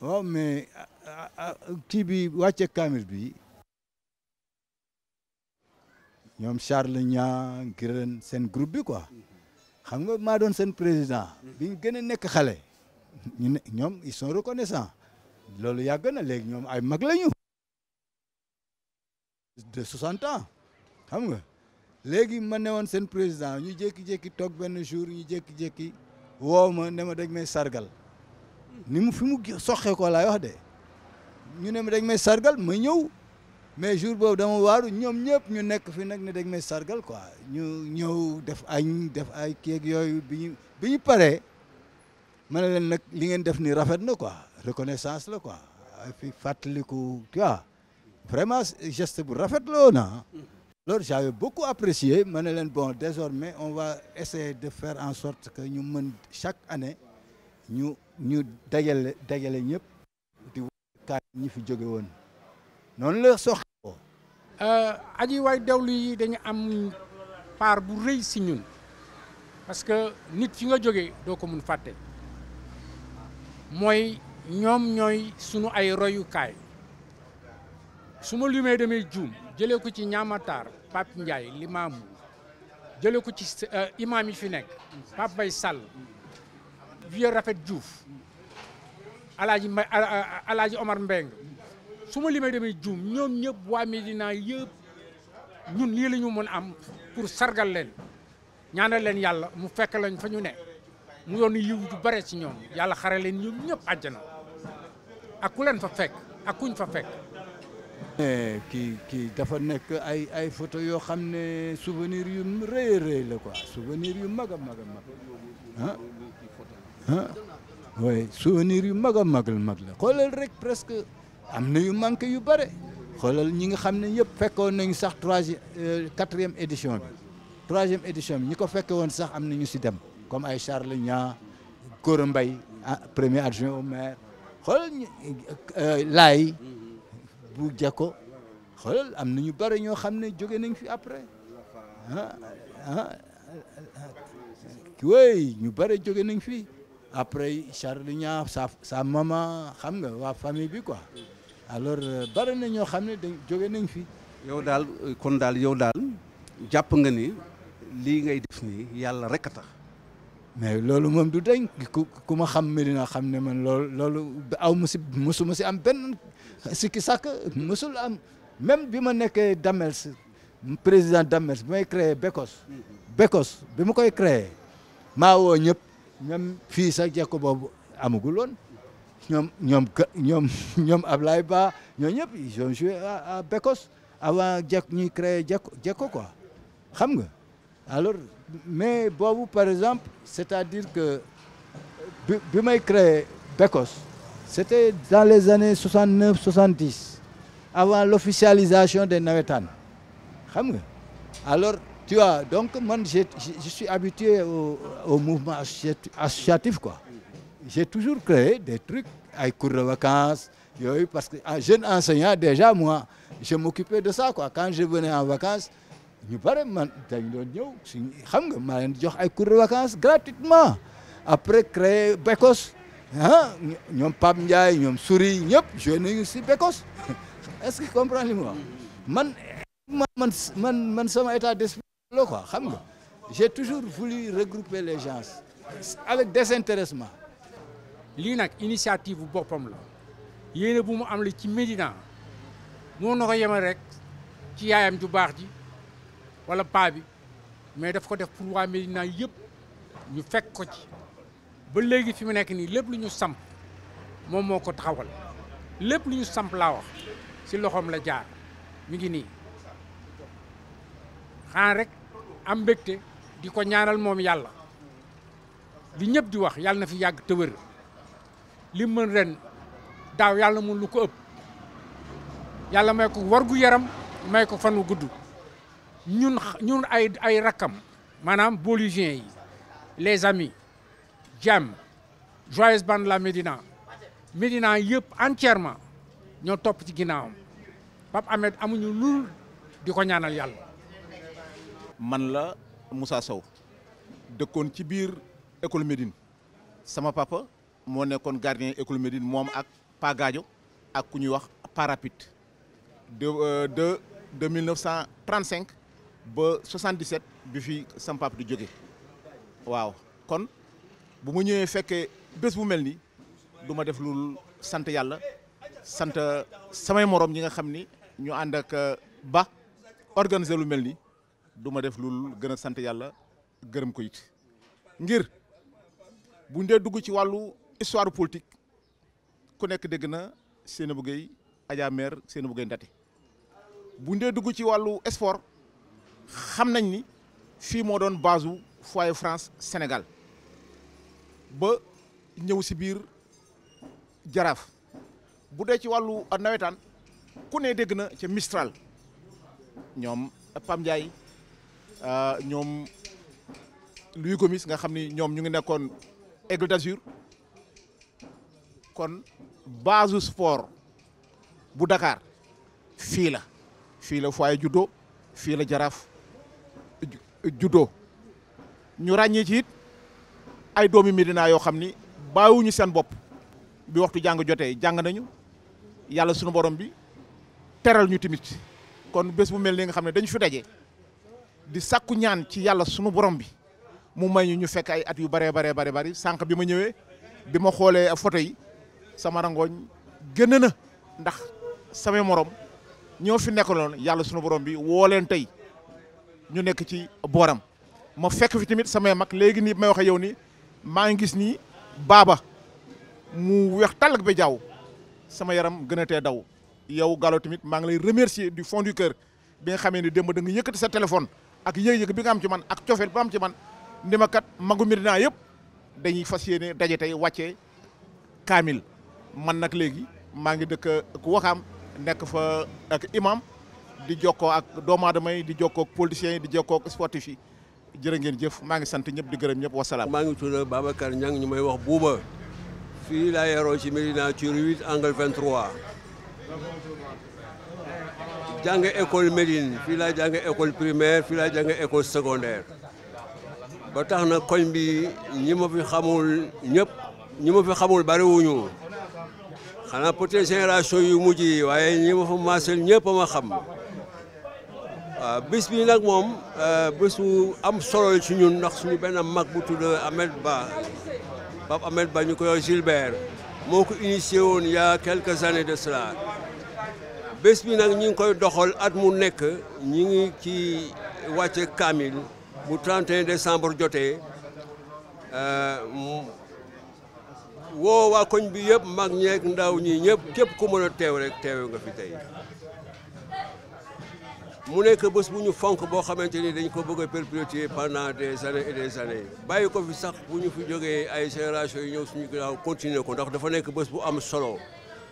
waaw oh, mais ah, ah, ah, kii bi wàcce kaamil bi ñoom Charles Niang Guirène seen groupe bi quoi xam nga maa doon seen président biñ gën a nekk xale ñu ne ñoom ils sont reconnaissants loolu yàgg na léegi ñoom ay mag lañu de 60 ans xam nga léegi ma ne woon seen président ñu jékki-jékki toog benn jour ñu jékki-jékki woo ma ne ma dañ may sargal ni mu fi mu soxee ko laay wax de ñu ne ma dañ may sargal ma ñëw mais jour boobu dama waaru ñoom ñëpp ñu nekk fi nag ne dañ may sargal ko ñu ñëw def añ def ay keeg yooyu bi ñu bi ñu paree ma ne leen nag li ngeen def ni rafet na quoi reconnaissance la quoi fi ku quoi vraiment geste bu rafet la woon ah. lor j'avais beaucoup apprécié ma ne leen bon désormais on va essayer de faire en sorte que ñu mën chaque année ñu ñu dajale dajale ñëpp di kaay ñi fi jóge woon noonu la soxoo euh, aji waay dawlu yi dañu am part bu réy si ñun parce que nit fi nga jógee doo ko mun fàtte mooy ñoom ñooy sunu ay royukaay su ma limee damay juum jëlee ko ci ñaamataar Pape Ndiaye Limamou jëlee ko ci euh, imaam yi fi nekk Pape Bay Sall vieux Rafet juuf alaaji ma alaaji Omar Mbeng su ma demee juum ñoom ñëpp waa Médina yëpp ñun lii la am pour sargal leen ñaanal leen yàlla mu fekk lañ fa ñu ne mu yoon yiw bare si ñoom yàlla xare leen ñoom ñëpp àjjana ak ku leen fa ak kuñ fa Eh, kii kii dafa nekk ay ay photo yoo xam ne souvenir yu rëy rëy la quoi souvenir yu mag a mag a mag ah, ah, yu mag la xoolal rek presque am na yu manqué yu bare xoolal ñi nga xam ne yëpp fekkoon nañu sax troisième euh, quatrième édition bi troisième édition bi ñi ko fekke woon sax am na ñu si dem comme ay Charles la Gora Mbaye ah, premier adjoint au maire xoolal euh, laay bu jako xoolal am na ñu bare ñoo xam ne jóge nañ fi après ah ah, ah ñu bare jóge nañ fi après Charles sa sa maman xam nga waa famille bi quoi alors euh, bare na ñoo xam ne dañ jóge nañ fi. yow daal kon daal yow daal jàpp nga ni lii ngay def nii yàlla rek a tax. mais loolu moom du dañ ku ku ma xam Medina xam ne man loolu loolu aw ma si mosuma am benn sikki sàkk mosul am même bi ma nekkee Damels président Damels bi may créé Bekos Bekos bi mu koy créé maa woo ñëpp ñoom fii sax jekko boobu amagul woon ñoom ñoom ñoom ñoom Ablaye Ba ñoo ñëpp ils ont joué à Bekos avant jekk ñuy créé jekko jekko quoi xam nga alors mais boobu par exemple c'est-à-dire que bi bi may créé Becos c'était dans les années 69 70 avant l'officialisation des nawetaan xam nga alors tu vois donc man je je suis habitué au au mouvement associatif quoi j'ai toujours des trucs ay cours de yooyu parce que en ah, jeune enseignant déjà moi je m'occupais de ça quoi quand je en vacances ñu bare man dañ doon ñëw si xam nga maa leen di jox ay cours de vacances gratuitement après créer Bécos ah ñoom Pape Ndiaye ñoom Souris ñëpp joué nañu si Bécos est-ce que comprend li mu wax man man man sama état d'esprit la quoi xam nga j'ai toujours voulu regrouper les gens avec désintéressement lii nag initiative bu boppam la yéene bu mu am la ci Médina moo na ko rek ci yaayam ju baax ji wala paa bi mais daf ko def pour waa Médina yëpp ñu fekk ko ci ba léegi fi mu nekk nii lépp lu ñu samp moom moo ko taxawal lépp lu ñu samp laa wax si loxoom la jaar mu ngi nii xanaa rek am mbégte di ko ñaanal moom yàlla li ñëpp di wax yàlla na fi yàgg te wér li mën ren daaw yàlla mun lu ko ëpp yàlla may ko war gu yaram may ko fan wu gudd ñun ñun ay ay rakkam maanaam bolivien yi les amis jàmm joyeuse bande la Médina Médina yëpp entièrement ñoo topp ci ginnaawam Pape Ahmed amuñu lul di ko ñaanal yàlla. man la Moussa Sow dëkkoon ci biir école Médine sama papa moo nekkoon gardien école Médine moom ak Pa ak ku ñuy wax Parapit euh, de de de 1935. ba 77 bi fi sam papa di jóge waaw kon bu ma ñëwee fekkee bés bu mel ni du ma def lu sant yàlla sant samay morom ñi nga xam ni ñu ànd ak euh, ba organiser lu mel ni duma def lu gën a sant yàlla gërëm ko it ngir buñ dee dugg ci wàllu histoire politique ku nekk dégg na Seynabou Gueye Adja Mère seeni Gueye Ndaté buñ dee dugg ci wàllu sport xam nañ ni fii moo doon base u France Sénégal ba ñëw si biir jaraaf bu dee ci wàllu nawetaan ku ne dégg na ci Mistral ñoom Pam Ndiaye euh, ñoom Louis Gomis nga xam ni ñoom ñu ngi nekkoon Aigle d'Azur kon base sport bu Dakar fii la fii la foyer judo fii la jaraaf juddoo ñu ràññee ci ay doomi Médina yoo xam ni bàyyiwuñu seen bopp bi waxtu jàng jotee jàng nañu yàlla sunu borom bi teral ñu tamit kon bés bu mel ni nga xam ne dañu fi daje di sakku ñaan ci yàlla sunu borom bi mu may ñu ñu fekk ay at yu baree baree bare bari sànq bi ma ñëwee bi ma xoolee photo yi sama rangooñ gën na ndax samay morom ñoo fi nekkaloon yàlla sunu borom bi woo tey. ñu nekk ci booram ma fekk fi tamit samay mag léegi nii may waxe yow nii maa ngi gis nii baaba mu weex tàllak ba jaww sama yaram gën tee daw yow Gallo tamit maa ngi lay remercier du fond du cœur bi nga xamee ni démb da nga yëkkati sa téléphone ak yëg-yëg bi nga am ci man ak cofeel bi nga am ci man ni ma kat magu Médina yëpp dañuy fas yéene daje tey wàccee kaamil man nag léegi maa ngi dëkk ku waxaam nekk fa ak imam di jokkoo ak doomu aadama yi di jokkoo ak yi di jokkoo ak sportif ngeen jëf maa ngi sant ñëpp di gërëm ñëpp wasalaam. maa ngi tudd Babacar Niang ñu may wax buuba fii laa yaroo ci Médina ci rue 8 angle 23 jàng école Médine fii laa jàng école primaire fii laa jàng école secondaire ba tax na koñ bi ñi ma xamul ñëpp ñi xamul bariwuñu xanaa peut-être génération yu mujj yi waaye ñi ma fa ñëpp a ma xam. waaw euh, bés bi nag moom euh, bésu am solo ci ñun ndax suñu benn mag bu tudd Ahmed Ba Pape Ahmed Ba ñu koy Gilbert moo ko initié woon yaa y a quelques années de cela bés bi nag ñi ngi koy doxal at mu nekk ñi ngi ci wàcce kaamil bu 31 décembre jotee euh, woo waa koñ bi yëpp mag ñeek ndaw ñii ñëpp képp ku mën a teew rek teew nga fi tey mu nekk bés bu ñu fonk boo xamante ni dañ ko bëgg a perpétuer pendant des années et des années bàyyi ko fi sax bu ñu fi jógee ay génération yi ñëw suñu ginnaaw continuer ko ndax dafa nekk bës bu am solo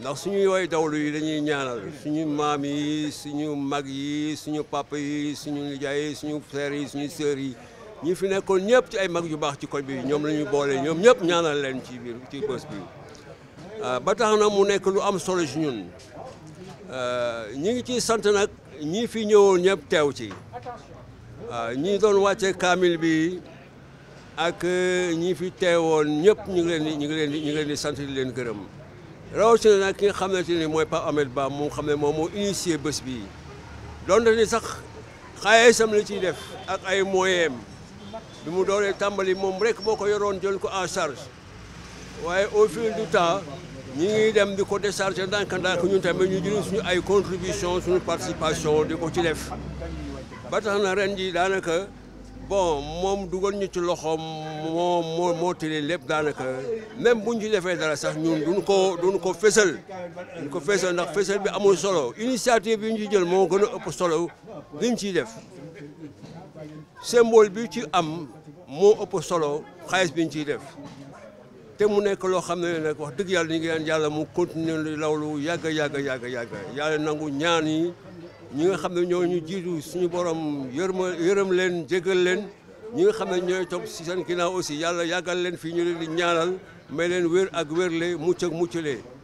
ndax suñuy way dawlu yi dañuy ñaanal suñu maam yi suñu mag yi suñu papa yi suñu nijaay yi suñu frères yi suñu sœurs yi ñi fi nekkoon ñëpp ci ay mag yu baax ci koñ bi ñoom la ñu boole ñoom ñëpp ñaanal leen ci biir ci bés bi euh, ba tax na mu nekk lu am solo ci ñun euh, ñi ngi ciy sant nag. ñii fi ñëwoon ñëpp teew ci waaw ñii doon wàcce kaamil bi ak euh, ñii fi teewoon ñëpp ñu ngi leen di ñu ngi leen di ñu ngi leen di sant di leen gërëm rawatina nag ki nga xamante ni mooy Pape Ahmed Ba mu xam ne moom moo initié bés bi donte ni sax xaaye sam la ciy def ak ay moyens bi mu doonee tàmbali moom rek boo ko yoroon jël ko en charge waaye au fil du temps ñi ngi dem di ko décharger ndànk-ndànk ñun tamit ñu jël suñu ay contribution suñu participation di ko ci def ba tax na ren ji daanaka bon moom dugal ñu ci loxoom moo moo moo tële lépp daanaka même bu ñu ci defee dara sax ñun duñ ko duñ ko fésal duñ ko fésal ndax fésal bi amul solo initiative yi ñu ci jël moo gën a ëpp solo liñ ciy def symbole bi ci am moo ëpp solo xaalis bi ñu ciy def te mu nekk loo xam ne nag wax dëgg yàlla ñu ngi leen yàlla mu continuer lu lawlu yàgg yàgg yàgg yàgg yàlla nangu ñaan yi ñi nga xam ne ñoo ñu jiitu suñu borom yërma yërëm leen jégal leen ñi nga xam ne ñooy topp si seen ginnaaw aussi yàlla yàggal leen fii ñu leen di ñaanal may leen wér ak wérle mucc ak mucclee